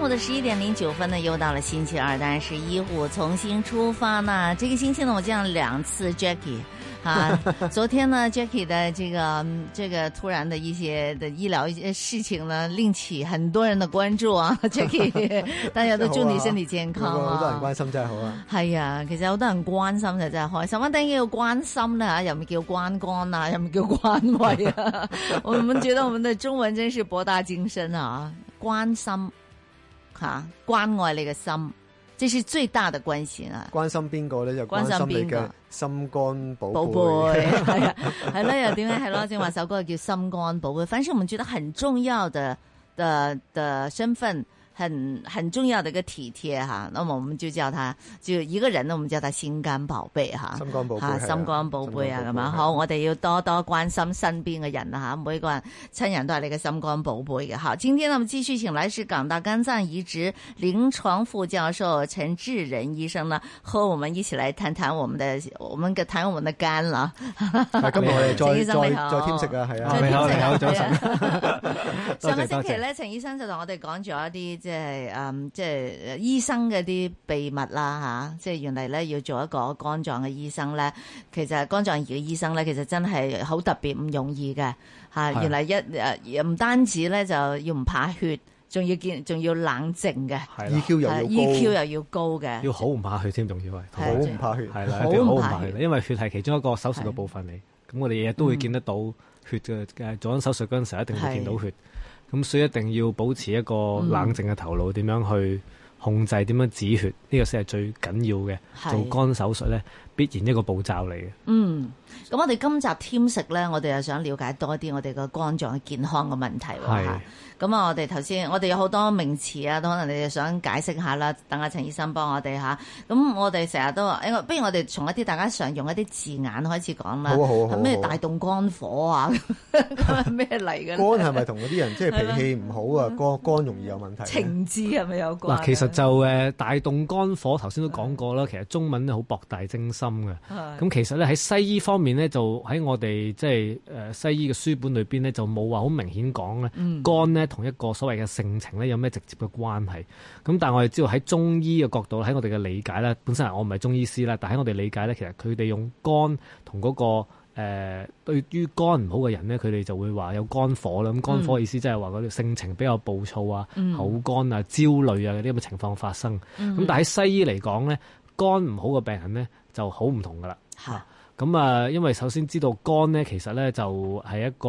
中午的十一點零九分呢，又到了星期二，當然是《醫護重新出發》呢。這個星期呢，我見了兩次 Jackie 啊。 昨天呢，Jackie 的這個這個突然的一些的醫療一些事情呢，令起很多人的關注啊。Jackie，大家都祝你身體健康啊。好多人關心真係好啊！係啊、哎呀，其實好多人關心就真係開心。首先，第一個關心呢，有沒有叫關肝啊，有沒有叫關懷啊。 我們覺得我們的中文真是博大精深啊！關心。吓、啊，關愛你嘅心，這是最大的關心啊！關心邊個咧，就關心你嘅心肝寶貝，係啦又點樣？係咯，正 話 首歌叫心肝寶貝，反正我們覺得很重要的的的身份。很很重要的一個體貼哈，那麼我們就叫他就一個人呢，我們叫他心肝寶貝哈，心肝寶貝啊，咁啊好，我哋要多多關心身邊嘅人啊，吓，每個人親人都係你嘅心肝寶貝嘅。今天我們繼續請來是港大肝臟移植臨床副教授陳智仁醫生呢，和我們一起來談談我們的，我們嘅談我們的肝啦。今日我哋再再再添食啊，係啊，再添食，上個星期咧，陳醫生就同我哋講咗一啲即係嗯，即係醫生嘅啲秘密啦嚇、啊，即係原嚟咧要做一個肝臟嘅醫生咧，其實肝臟移植醫生咧，其實真係好特別唔容易嘅嚇。啊、是的 原嚟一誒唔、啊、單止咧就要唔怕血，仲要見仲要冷靜嘅。係。是的 E Q 又要高，E Q 又要高嘅。要好唔怕血添，仲要係好唔怕血，係啦，好唔怕血，因為血係其中一個手術嘅部分嚟。咁我哋日日都會見得到血嘅誒，做緊手術嗰陣時候一定會見到血。咁所以一定要保持一個冷靜嘅頭腦，點、嗯、樣去控制，點樣止血呢、呢個先係最緊要嘅。是的 做肝手術呢，必然一個步驟嚟嘅。嗯，咁我哋今集添食咧，我哋又想了解多啲我哋個肝臟嘅健康嘅問題喎。咁啊，是啊我哋頭先，我哋有好多名詞啊，都可能你哋想解釋下啦。等阿陳醫生幫我哋吓、啊。咁、啊、我哋成日都，誒、欸，不如我哋從一啲大家常用一啲字眼開始講啦、啊啊。好、啊、好、啊、好、啊。咩大動肝火啊？咁係咩嚟嘅？ 肝係咪同嗰啲人即係、就是、脾氣唔好啊？嗎肝肝容易有問題、啊。情志係咪有關、啊？嗱，其實就誒大動肝火，頭先都講過啦。 其實中文好博大精深。咁其實咧喺西醫方面咧，就喺我哋即係誒西醫嘅書本裏邊咧，就冇話好明顯講咧肝咧同一個所謂嘅性情咧有咩直接嘅關係。咁、嗯、但係我哋知道喺中醫嘅角度，喺我哋嘅理解咧，本身係我唔係中醫師啦，但係喺我哋理解咧，其實佢哋用肝同嗰、那個誒、呃、對於肝唔好嘅人咧，佢哋就會話有肝火啦。咁肝火意思即係話佢性情比較暴躁啊、嗯、口乾啊、焦慮啊呢啲咁嘅情況發生。咁、嗯、但係喺西醫嚟講咧，肝唔好嘅病人咧。就好唔同㗎喇。嚇！咁啊，因為首先知道肝咧，其實咧就係一個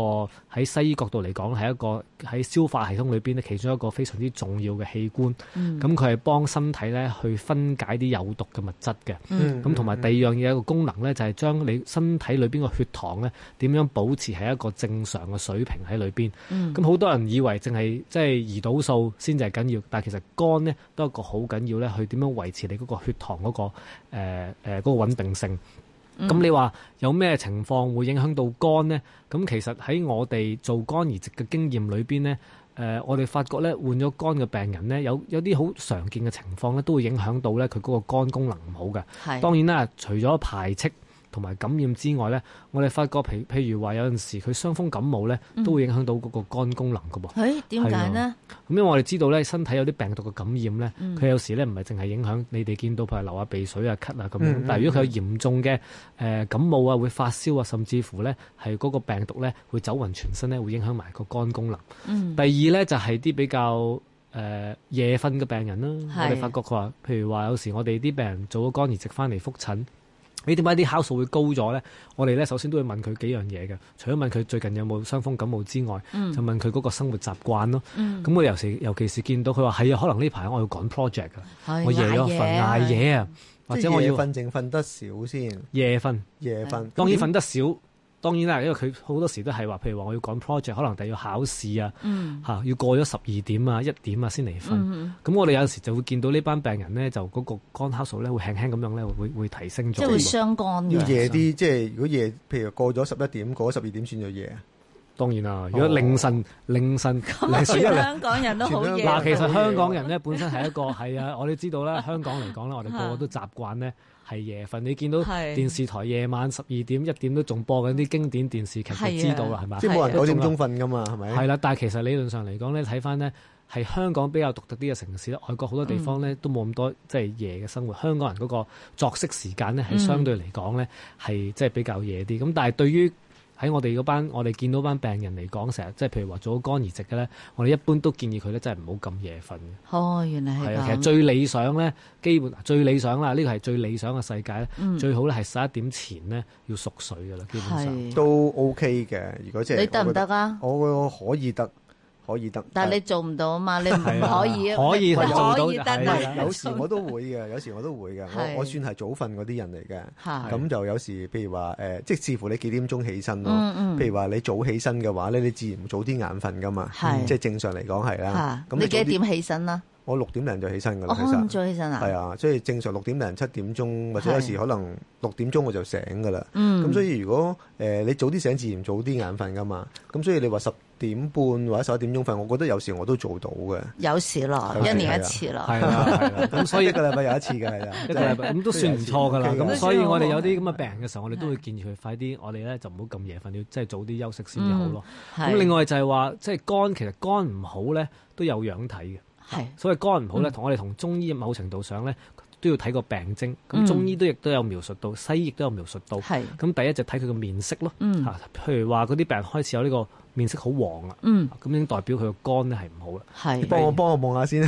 喺西醫角度嚟講，係一個喺消化系統裏邊咧，其中一個非常之重要嘅器官。咁佢係幫身體咧去分解啲有毒嘅物質嘅。咁同埋第二樣嘢一個功能咧，就係將你身體裏邊個血糖咧點樣保持喺一個正常嘅水平喺裏邊。咁好、嗯、多人以為淨係即係胰島素先至係緊要，但係其實肝咧都係一個好緊要咧，去點樣維持你嗰個血糖嗰、嗰個誒誒嗰個穩定性。咁、嗯、你話有咩情況會影響到肝呢？咁其實喺我哋做肝移植嘅經驗裏邊呢，誒、呃，我哋發覺呢換咗肝嘅病人呢，有有啲好常見嘅情況呢都會影響到呢佢嗰個肝功能唔好嘅。係。當然啦，除咗排斥。同埋感染之外咧，我哋發覺譬譬如話有陣時佢傷風感冒咧，嗯、都會影響到嗰個肝功能㗎喎。誒，點解呢？咁因為我哋知道咧，身體有啲病毒嘅感染咧，佢有時咧唔係淨係影響你哋見到譬如流下鼻水啊、咳啊咁。但如果佢有嚴重嘅誒，感冒啊，會發燒啊，甚至乎咧係嗰個病毒咧會走勻全身咧，會影響埋個肝功能。第二咧就係啲比較誒、呃、夜瞓嘅病人啦。是我哋發覺佢話，譬如話有時我哋啲病人做咗肝移植翻嚟覆診。你點解啲酵素會高咗咧？我哋咧首先都會問佢幾樣嘢嘅，除咗問佢最近有冇傷風感冒之外，嗯、就問佢嗰個生活習慣咯。咁、嗯、我尤其，尤其是見到佢話係啊，可能呢排我要趕 project 噶，啊、我夜咗瞓，捱夜，啊，啊夜啊或者我、啊、要瞓淨瞓得少先，夜瞓睡，夜瞓，當然瞓得少。睡當然啦，因為佢好多時都係話，譬如話我要趕 project，可能第日要考試，嗯、啊，要過咗十二點啊，一點啊先嚟瞓。咁、嗯、哼我哋有時就會見到呢班病人咧，就嗰個肝酵素咧會輕輕咁樣咧會提升咗。即係會傷肝㗎。要夜啲，以即係如果夜，譬如過咗十一點，過咗十二點算咗夜。當然啦，如果凌晨、哦、凌晨咁，香港人都好夜。嗱，其實香港人咧本身係一個係啊， 我哋知道啦，香港嚟講咧，我哋個個都習慣咧係夜瞓。的你見到電視台夜晚十二點一點都仲播緊啲經典電視劇，就的知道啦，係嘛？即冇人九點鐘瞓㗎嘛，係咪？係啦，但其實理論上嚟講咧，睇翻咧係香港比較獨特啲嘅城市啦。外國好多地方咧都冇咁多即係夜嘅生活。嗯、香港人嗰個作息時間咧係相對嚟講咧係即係比較夜啲。咁但係對於喺我哋嗰班，我哋見到班病人嚟講，成日即係譬如話做肝移植嘅咧，我哋一般都建議佢咧，真係唔好咁夜瞓。哦，原來係咁。係啊，其實最理想咧，基本最理想啦，呢個係最理想嘅世界咧，嗯、最好咧係十一點前咧要熟睡㗎啦，基本上。嗯、都 OK 嘅，如果即係，你得唔得啊？我我我可以得。可以得，但係你做唔到啊嘛！你唔可以，可以可以，到。係有時我都會嘅，有時我都會嘅。我算係早瞓嗰啲人嚟嘅。咁就有時，譬如話誒，即係視乎你幾點鐘起身咯。譬如話你早起身嘅話咧，你自然早啲眼瞓㗎嘛。即係正常嚟講係啦。咁你幾點起身啦？我六點零就起身㗎啦。哦，咁早起身啊！係啊，所以正常六點零七點鐘，或者有時可能六點鐘我就醒㗎啦。咁所以如果誒你早啲醒，自然早啲眼瞓㗎嘛。咁所以你話十點半或者十一點鐘瞓，我覺得有時我都做到嘅。有時咯，一年一次咯，係啊，咁所以一個禮拜有一次嘅係啦，一個禮拜咁都算唔錯㗎啦。咁所以我哋有啲咁嘅病嘅時候，我哋都會建議佢快啲，我哋咧就唔好咁夜瞓，要即係早啲休息先至好咯。咁另外就係話，即係肝其實肝唔好咧都有樣睇嘅，係。所謂肝唔好咧，同我哋同中醫某程度上咧都要睇個病徵。咁中醫都亦都有描述到，西醫亦都有描述到。咁第一就睇佢個面色咯，譬如話嗰啲病人開始有呢個。面色好黃，嗯，咁已經代表佢個肝咧係唔好啦。你幫我幫我望下先，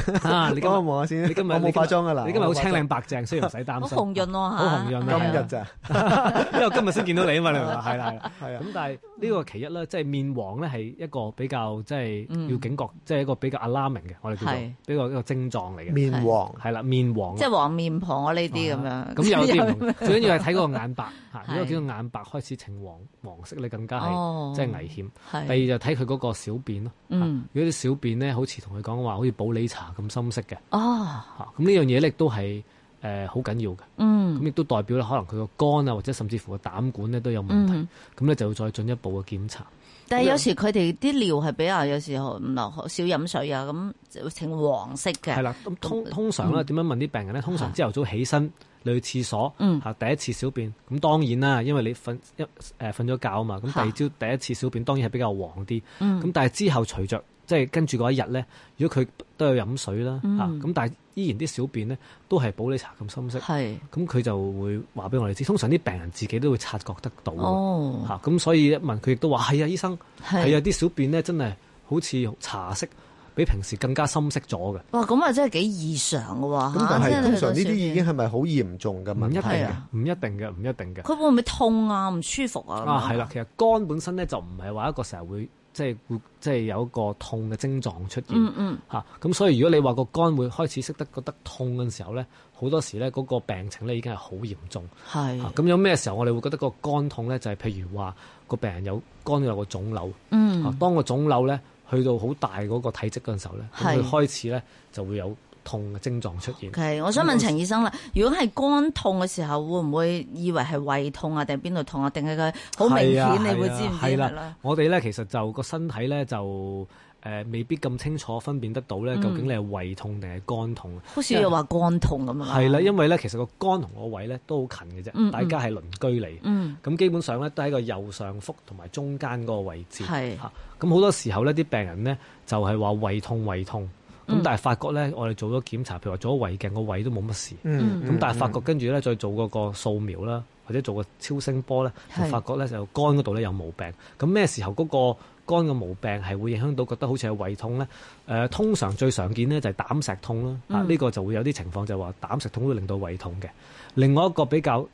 你幫我望下先。你今日，我冇化妝噶啦，你今日好青靚白淨，雖然唔使擔心。好紅潤啊！好紅潤！今日咋？因為今日先見到你啊嘛，你係啦係啦係啊！咁但係呢個其一咧，即係面黃咧係一個比較即係要警覺，即係一個比較 alarming 嘅，我哋叫做比較一個症狀嚟嘅。面黃係啦，面黃即係黃面婆啊呢啲咁樣。咁有啲最緊要係睇個眼白吓，因為見到眼白開始呈黃黃色，你更加係即係危險。係就睇佢嗰個小便咯。嗯、如果啲小便咧好似同佢講話好似普洱茶咁深色嘅，咁呢、哦、樣嘢咧都係誒好緊要嘅，咁亦、嗯、都代表咧可能佢個肝啊或者甚至乎個膽管咧都有問題，咁咧、嗯、哼就要再進一步嘅檢查。但係有時佢哋啲尿係比較有時候唔落少飲水啊，咁就呈黃色嘅。係啦，咁通通常咧點樣問啲病人咧？通常朝頭早起身你、嗯、去廁所，吓第一次小便，咁當然啦，因為你瞓一誒瞓咗覺啊嘛，咁第二朝第一次小便當然係比較黃啲。咁、嗯、但係之後隨著。即係跟住嗰一日咧，如果佢都有飲水啦嚇，咁、嗯、但係依然啲小便咧都係普洱茶咁深色，咁佢是就會話俾我哋知。通常啲病人自己都會察覺得到嚇，咁、哦啊、所以一問佢亦都話係啊，醫生係啊，啲是小便咧真係好似茶色，比平時更加深色咗嘅。哇，咁啊真係幾異常嘅喎。咁但係通常呢啲已經係咪好嚴重嘅問題嘅？唔、啊、一定嘅，唔一定嘅。佢會唔會痛啊？唔舒服啊？啊，係啦，其實肝本身咧就唔係話一個成日會。即係即係有一個痛嘅症狀出現，嚇咁、嗯嗯啊、所以如果你話個肝會開始識得覺得痛嘅時候咧，好多時咧嗰個病情咧已經係好嚴重。係是，咁、啊、有咩時候我哋會覺得個肝痛咧？就係、是、譬如話、個病人有肝有個腫瘤，嗯、啊，當個腫瘤咧去到好大嗰個體積嗰陣時候咧，佢開始咧就會有痛嘅症狀出現。o、okay，我想問陳醫生啦，時如果係肝痛嘅時候，會唔會以為係胃痛啊，定係邊度痛啊？定係佢好明顯，啊、你會知唔知啊？啦、啊啊，我哋咧其實就個身體咧就誒、呃、未必咁清楚分辨得到咧，究竟你係胃痛定係肝痛？嗯、為好少話肝痛咁樣？係啦，因為咧其實個肝同個胃咧都好近嘅啫，嗯嗯大家係鄰居嚟。嗯。咁基本上咧都喺個右上腹同埋中間個位置。係是。嚇、啊，咁好多時候呢啲病人咧就係話胃痛胃痛。胃痛。咁、嗯、但係發覺咧，我哋做咗檢查，譬如話做咗胃鏡，個胃都冇乜事。咁、嗯嗯、但係發覺跟住咧，再做個個掃描啦，或者做個超聲波咧，就發覺咧就肝嗰度咧有毛病。咁咩是時候嗰個肝嘅毛病係會影響到覺得好似係胃痛咧、呃？通常最常見咧就係膽石痛啦。呢、嗯啊呢個就會有啲情況就係話膽石痛會令到胃痛嘅。另外一個比較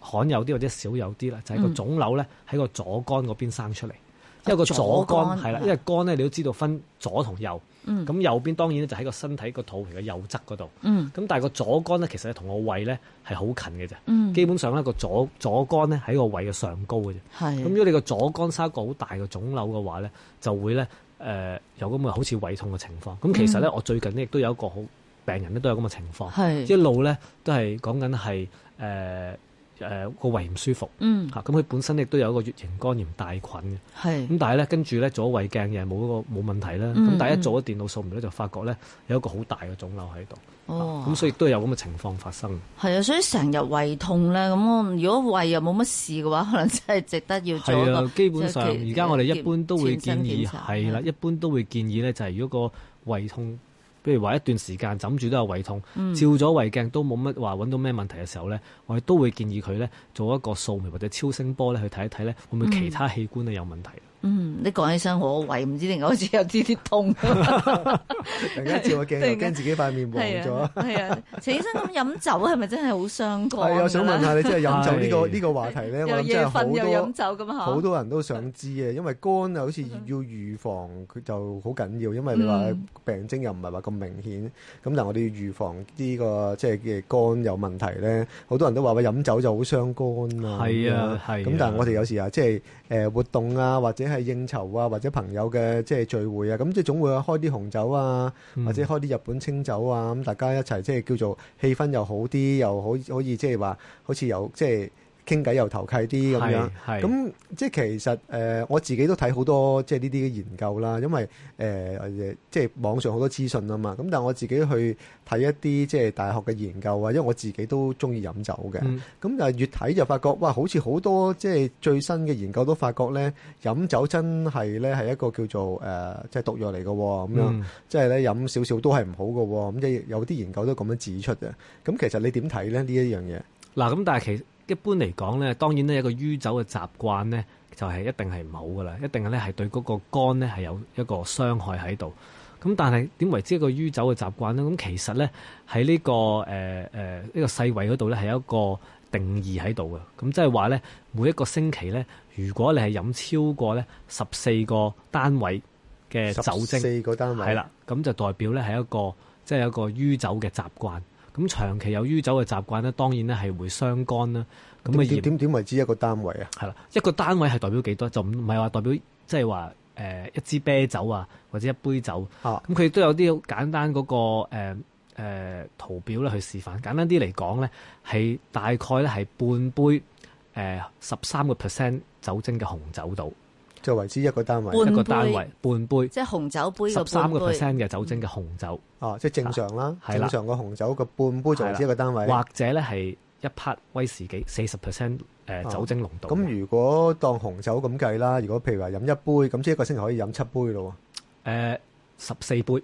罕有啲或者少有啲啦，就係個腫瘤咧喺個左肝嗰邊生出嚟。嗯、因為一個左肝係啦肝，因為肝咧你都知道分左同右。咁、嗯、右邊當然咧就喺個身體個肚皮嘅右側嗰度，咁、嗯、但係個左肝咧其實係同個胃咧係好近嘅啫，嗯、基本上咧個左左肝咧喺個胃嘅上高嘅啫。咁是如果你個左肝生一個好大嘅腫瘤嘅話咧，就會咧誒有咁嘅好似胃痛嘅情況。咁、嗯、其實咧我最近咧亦都有一個好病人咧都有咁嘅情況，是一路咧都係講緊係誒。呃誒，個、呃、胃唔舒服，吓，咁佢本身亦都有一個乙型肝炎大菌嘅，係咁是但係咧，跟住咧做胃鏡又冇個冇問題啦，咁、嗯、但係一做咗電腦掃描咧就發覺咧有一個好大嘅腫瘤喺度，咁所以都有咁嘅情況發生。係啊，所以成日胃痛咧，咁如果胃又冇乜事嘅話，可能真係值得要做。係啊，基本上而家我哋一般都會建議，係啦的，一般都會建議咧就係如果個胃痛。比如話一段時間枕住都有胃痛，照咗胃鏡都冇乜話揾到咩問題嘅時候咧，嗯、我哋都會建議佢咧做一個掃描或者超聲波咧去睇一睇咧，會唔會其他器官咧有問題？嗯嗯，你講起身我胃唔知點解好似有啲啲痛，突然間照個鏡又驚自己塊面黃咗。係啊，陳醫生，咁飲酒係咪真係好傷肝？係啊，想問下你，即係飲酒呢個呢個話題咧，我諗真係好多好多人都想知嘅，因為肝啊，好似要預防佢就好緊要，因為你話病徵又唔係話咁明顯。咁但係我哋要預防呢個即係嘅肝有問題咧，好多人都話喂，飲酒就好傷肝啊。係啊，係。咁但係我哋有時啊，即係誒活動啊，或者係應酬啊，或者朋友嘅即係聚會啊，咁即係總會開啲紅酒啊，或者開啲日本清酒啊，咁、嗯、大家一齊即係叫做氣氛又好啲，又好可以即係話好似有即係。傾偈又投契啲咁樣，咁即係其實誒，我自己都睇好多即係呢啲嘅研究啦，因為誒即係網上好多資訊啊嘛。咁但係我自己去睇一啲即係大學嘅研究啊，因為我自己都中意飲酒嘅。咁、嗯、但係越睇就發覺哇，好似好多即係最新嘅研究都發覺咧，飲酒真係咧係一個叫做誒即係毒藥嚟嘅咁樣，即係咧飲少少都係唔好嘅咁，即係有啲研究都咁樣指出嘅。咁其實你點睇咧呢一樣嘢？嗱，咁但係其。一般嚟講咧，當然咧一個酗酒嘅習慣咧，就係一定係唔好噶啦，一定咧係對嗰個肝咧係有一個傷害喺度。咁但係點為之一個酗酒嘅習慣咧？咁其實咧喺呢個誒誒呢個世衛嗰度咧係一個定義喺度嘅。咁即係話咧，每一個星期咧，如果你係飲超過咧十四個單位嘅酒精，十四個單位係啦，咁就代表咧係一個即係、就是、一個酗酒嘅習慣。咁長期有酗酒嘅習慣呢，當然呢係會傷肝啦。咁點點點為之一個單位啊？係啦，一個單位係代表幾多？就唔係話代表即係話、呃、一支啤酒啊，或者一杯酒。咁佢都有啲簡單嗰個誒圖表咧去示範。簡單啲嚟講呢，係大概咧係半杯誒十三個 percent 酒精嘅紅酒度。就為之一個單位，一個單位半杯，即係紅酒杯十三個 percent 嘅酒精嘅紅酒啊，即係正常啦。正常嘅紅酒個半杯就為之一個單位，或者咧係一 part 威士忌四十 percent 誒酒精濃度。咁如果當紅酒咁計啦，如果譬如話飲一杯，咁即係一個星期可以飲七杯咯喎。誒，十四杯，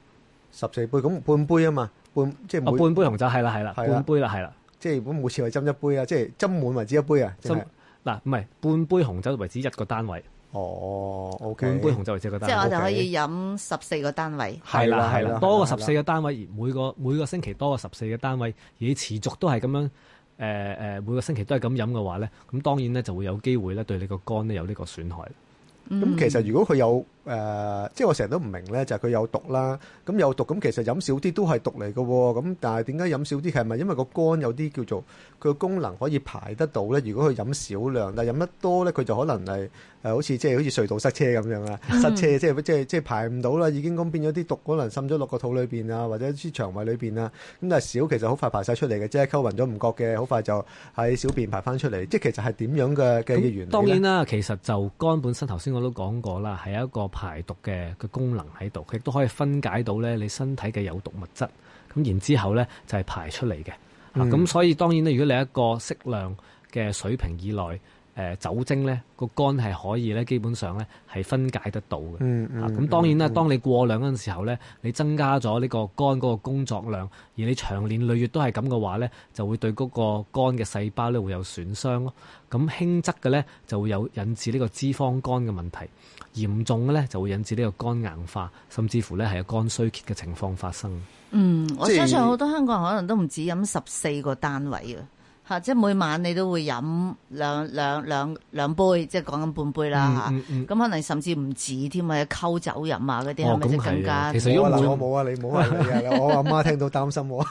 十四杯咁半杯啊嘛，半即係半杯紅酒，係啦，係啦，半杯啦係啦，即係如果每次係斟一杯啊，即係斟滿為之一杯啊。斟，嗱，唔係半杯紅酒為之一個單位。哦，半杯紅酒為一個單位，即係我就可以飲十四個單位。係啦係啦，了了多過十四個單位，而每個每個星期多過十四個單位，了而你持續都係咁樣，誒、呃、誒，每個星期都係咁飲嘅話咧，咁當然咧就會有機會咧對你肝個肝咧有呢個損害。咁、嗯、其實如果佢有。誒、呃，即係我成日都唔明咧，就係佢有毒啦。咁有毒，咁其實飲少啲都係毒嚟嘅。咁但係點解飲少啲係咪因為個肝有啲叫做佢嘅功能可以排得到咧？如果佢飲少量，但係飲得多咧，佢就可能係、呃、好似即係好似隧道塞車咁樣啊，塞車即係即係即係排唔到啦。已經咁變咗啲毒可能滲咗落個肚裏面啊，或者啲腸胃裏面啊。咁但係少其實好快排晒出嚟嘅啫，即係溝暈咗唔覺嘅，好快就喺小便排翻出嚟。即係其實係點樣嘅嘅那原理呢？當然啦，其實就肝本身頭先我都講過啦，係一個。排毒嘅功能喺度，佢亦都可以分解到咧你身體嘅有毒物質。咁然之後咧就係排出嚟嘅，咁、嗯啊、所以當然咧，如果你一個適量嘅水平以內。誒酒精咧個肝係可以咧基本上咧係分解得到嘅，咁、嗯嗯啊、當然啦，當你過量嗰陣時候咧，你增加咗呢個肝嗰個工作量，而你長年累月都係咁嘅話咧，就會對嗰個肝嘅細胞咧會有損傷咯。咁輕則嘅咧就會有引致呢個脂肪肝嘅問題，嚴重嘅咧就會引致呢個肝硬化，甚至乎咧係有肝衰竭嘅情況發生。嗯，我相信好多香港人可能都唔止飲十四個單位啊。即係每晚你都會飲兩兩兩兩杯，即係講緊半杯啦嚇。咁可能甚至唔止添啊，溝酒飲啊嗰啲係咪即更加，其實因我冇啊，你唔好話啊。我阿媽聽到擔心我，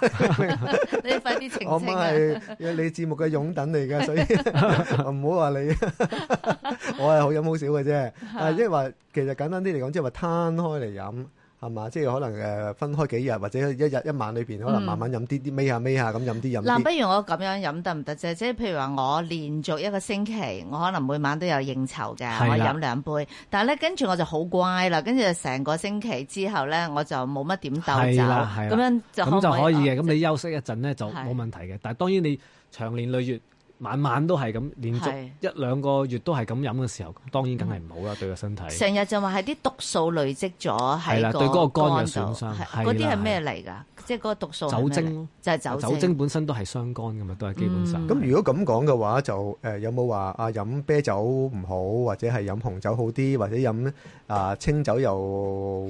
你快啲澄清啊！我阿媽係你節目嘅擁躉嚟㗎，所以唔好話你，我係好飲好少嘅啫。即係話其實簡單啲嚟講，即係話攤開嚟飲。係嘛，即係可能誒分開幾日，或者一日一晚裏邊，可能慢慢飲啲啲，尾下尾下咁飲啲飲嗱，不如我咁樣飲得唔得啫？即係譬如話，我連續一個星期，我可能每晚都有應酬嘅，的我飲兩杯，但係咧跟住我就好乖啦，跟住就成個星期之後咧，我就冇乜點鬥酒，咁樣就可咁就可以嘅。咁你休息一陣咧就冇問題嘅，的但係當然你長年累月。晚晚都係咁，連續一兩個月都係咁飲嘅時候，當然梗係唔好啦，對個身體。成日就話係啲毒素累積咗，係啦，對嗰個肝嘅損傷。嗰啲係咩嚟㗎？即係嗰個毒素。酒精咯。就係酒。酒精本身都係傷肝㗎嘛，都係基本上。咁如果咁講嘅話，就誒有冇話啊飲啤酒唔好，或者係飲紅酒好啲，或者飲啊清酒又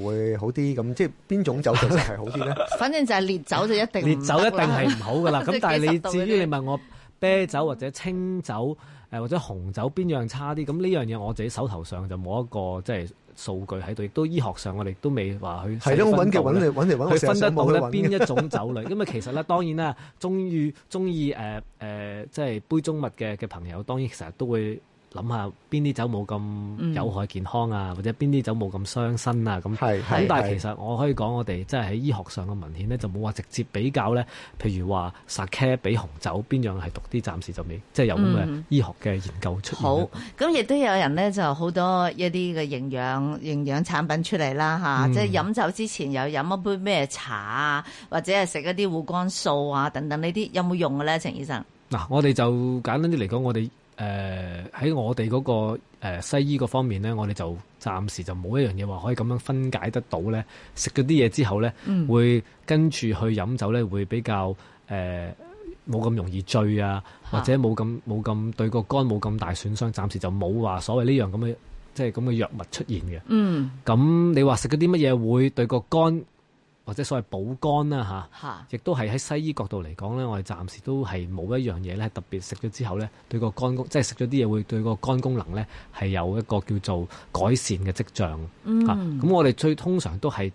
會好啲？咁即係邊種酒就係好啲咧？反正就係烈酒就一定烈酒一定係唔好㗎啦。咁但係你至於你問我？啤酒或者清酒，誒或者紅酒邊樣差啲？咁呢樣嘢我自己手頭上就冇一個即係數據喺度，亦都醫學上我哋都未話去。係咯，搵嘅嚟搵嚟揾，搵嚟搵去分得到咧邊一種酒類。咁啊，其實咧當然啦，中意中意誒誒即係杯中物嘅嘅朋友，當然其實都會。諗下邊啲酒冇咁有，有害健康啊，嗯、或者邊啲酒冇咁傷身啊？咁咁但係其實我可以講，我哋即係喺醫學上嘅文獻呢，就冇話直接比較咧。譬如話 Sake 比紅酒邊樣係毒啲，暫時就未即係有咁嘅，即係，醫學嘅研究出嚟，嗯。好咁亦都有人呢，就好多一啲嘅營養營養產品出嚟啦吓，啊嗯、即係飲酒之前有飲一杯咩茶啊，或者係食一啲護肝素啊等等有冇用嘅呢啲有冇用嘅咧？陳醫生嗱、啊，我哋就簡單啲嚟講，我哋。誒喺、呃、我哋嗰、個、呃、西醫嗰方面呢，我哋就暫時就冇一樣嘢話可以咁樣分解得到呢，食嗰啲嘢之後呢，嗯、會跟住去飲酒呢，會比較誒冇咁容易醉啊，或者冇咁冇咁對個肝冇咁大損傷。暫時就冇話所謂呢樣咁嘅即係咁嘅藥物出現嘅。嗯，咁你話食嗰啲乜嘢會對個肝？或者所謂補肝啦嚇，亦都係喺西醫角度嚟講咧，我哋暫時都係冇一樣嘢咧，特別食咗之後咧，對個肝功，即係食咗啲嘢會對個肝功能咧，係有一個叫做改善嘅跡象嚇。咁、嗯啊、我哋最通常都係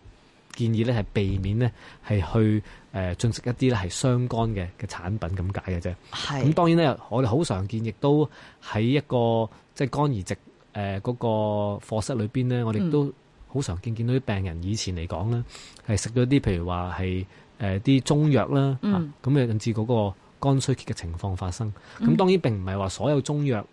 建議咧，係避免咧，係去誒進食一啲咧係傷肝嘅嘅產品咁解嘅啫。咁是當然咧，我哋好常見，亦都喺一個即係肝移植誒嗰個課室裏邊咧，我哋都。嗯好常見，見到啲病人以前嚟講呢，係食咗啲譬如話係誒啲中藥啦，咁誒引致嗰個肝衰竭嘅情況發生。咁、嗯、當然並唔係話所有中藥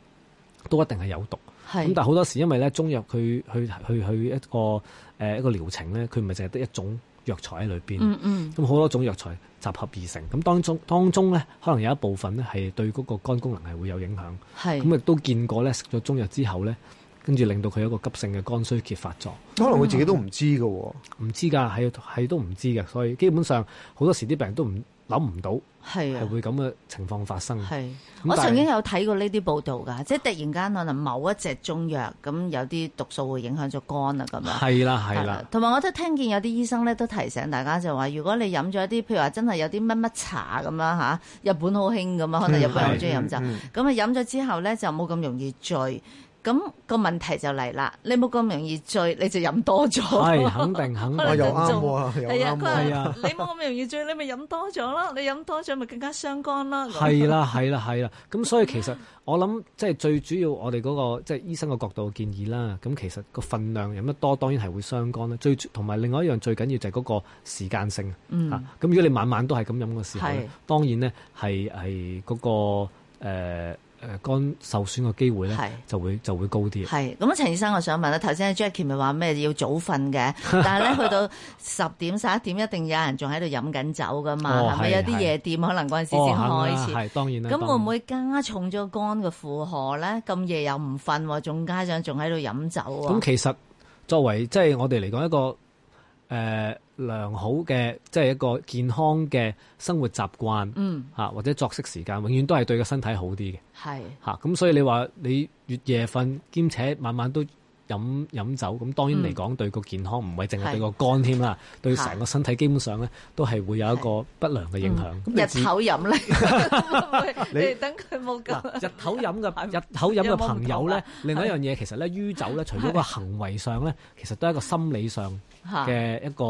都一定係有毒，咁是但係好多時因為呢中藥佢去佢佢一個誒、呃、一個療程呢，佢唔係淨係得一種藥材喺裏邊，咁好、嗯嗯、多種藥材集合而成。咁當中當中咧，可能有一部分咧係對嗰個肝功能係會有影響。咁亦都見過呢，食咗中藥之後呢。跟住令到佢有一個急性嘅肝衰竭發作，可能會自己都唔知㗎、哦嗯，唔、嗯嗯、知㗎，係係都唔知㗎，所以基本上好多時啲病人都唔諗唔到，係啊，係會咁嘅情況發生。係的，但我曾經有睇過呢啲報道㗎，即係突然間可能某一隻中藥咁有啲毒素會影響咗肝啊咁樣。係啦，係啦。同埋的我都聽見有啲醫生咧都提醒大家就話，如果你飲咗一啲譬如話真係有啲乜乜茶咁啦嚇，日本好興咁啊，可能日本人好中意飲酒咁啊，飲咗、嗯嗯、之後咧就冇咁容易醉。咁個問題就嚟啦！你冇咁容易醉，你就飲多咗、啊。係肯定肯定又啱喎，又啱。係啊，你冇咁容易醉，你咪飲多咗咯。你飲多咗咪更加傷肝啦。係啦、啊，係啦、啊，係啦、啊。咁、啊、所以其實我諗即係最主要我、那個，我哋嗰個即係醫生嘅角度建議啦。咁其實個分量飲得多，當然係會傷肝咧。最同埋另外一樣最緊要就係嗰個時間性嚇。咁、嗯啊、如果你晚晚都係咁飲嘅時候當是當然呢係嗰、那個、呃誒肝，呃、受損嘅機會咧是，就會就會高啲。咁陳陳醫生，我想問啦，頭先 Jackie 咪話咩要早瞓嘅，但係咧 去到十點十一點，一定有人仲喺度飲緊酒噶嘛，係咪、哦、是有啲夜店是可能嗰陣時先開始？係、哦啊、當然啦。咁會唔會加重咗肝嘅負荷咧？咁夜又唔瞓，仲加上仲喺度飲酒。咁其實作為即係我哋嚟講一個誒。呃良好嘅即係一個健康嘅生活習慣，嗯吓，或者作息時間永遠都係對個身體好啲嘅，係吓是。咁、嗯、所以你話你越夜瞓兼且晚晚都。飲飲酒，咁當然嚟講對個健康，唔係淨係對個肝添啦，對成個身體基本上咧都係會有一個不良嘅影響。日頭飲咧，你等佢冇咁。日頭飲嘅日頭飲嘅朋友咧，另外一樣嘢其實咧酗酒咧，除咗個行為上咧，其實都係一個心理上嘅一個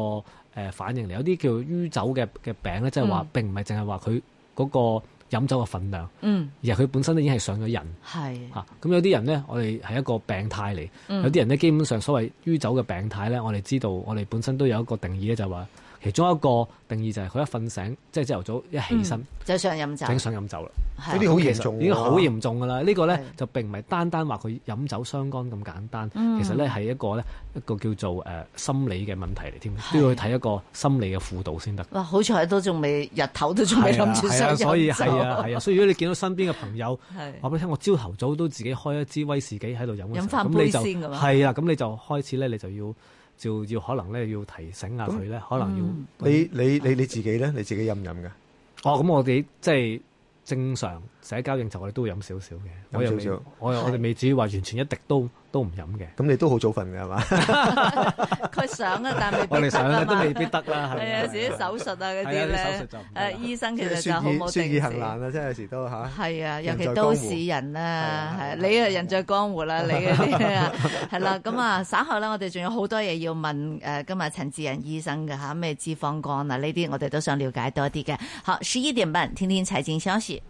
誒反應嚟。有啲叫酗酒嘅嘅病咧，即係話並唔係淨係話佢嗰個。飲酒嘅分量，嗯、而佢本身已經係上咗人，嚇咁是、啊、有啲人呢，我哋係一個病態嚟，嗯、有啲人呢，基本上所謂酗酒嘅病態呢，我哋知道，我哋本身都有一個定義咧，就話、是。其中一個定義就係佢一瞓醒，即係朝頭早一起身就想飲酒，想飲酒啦。嗰啲好嚴重，已經好嚴重噶啦。呢個咧就並唔係單單話佢飲酒傷肝咁簡單，其實咧係一個咧一個叫做誒心理嘅問題嚟添，都要去睇一個心理嘅輔導先得。哇！好彩都仲未日頭都仲未諗住想飲酒。所以係啊係啊，所以如果你見到身邊嘅朋友，話俾你聽，我朝頭早都自己開一支威士忌喺度飲，飲翻杯先㗎嘛。係啊，咁你就開始咧，你就要。就要可能咧，要提醒下佢咧，嗯、可能要你你你、嗯、你自己咧，你自己飲唔飲噶？哦，咁我哋即係正常。社交應酬我哋都飲少少嘅，飲少少。我我哋未至於話完全一滴都都唔飲嘅。咁你都好早瞓嘅係嘛？佢 想啊，但係未必得啊，都未必得啦。係啊，有時啲手術啊嗰啲咧，誒、啊、醫生其實就好冇定時行難啊，真係有時都嚇。係啊，尤其都市人啊，係你啊，人在江湖啦，你嗰啲係啦。咁 啊，稍後咧，我哋仲有好多嘢要問誒。今日陳智仁醫生嘅嚇咩脂肪肝啊？呢啲我哋都想了解多啲嘅。好，十一點半，天天財經消息。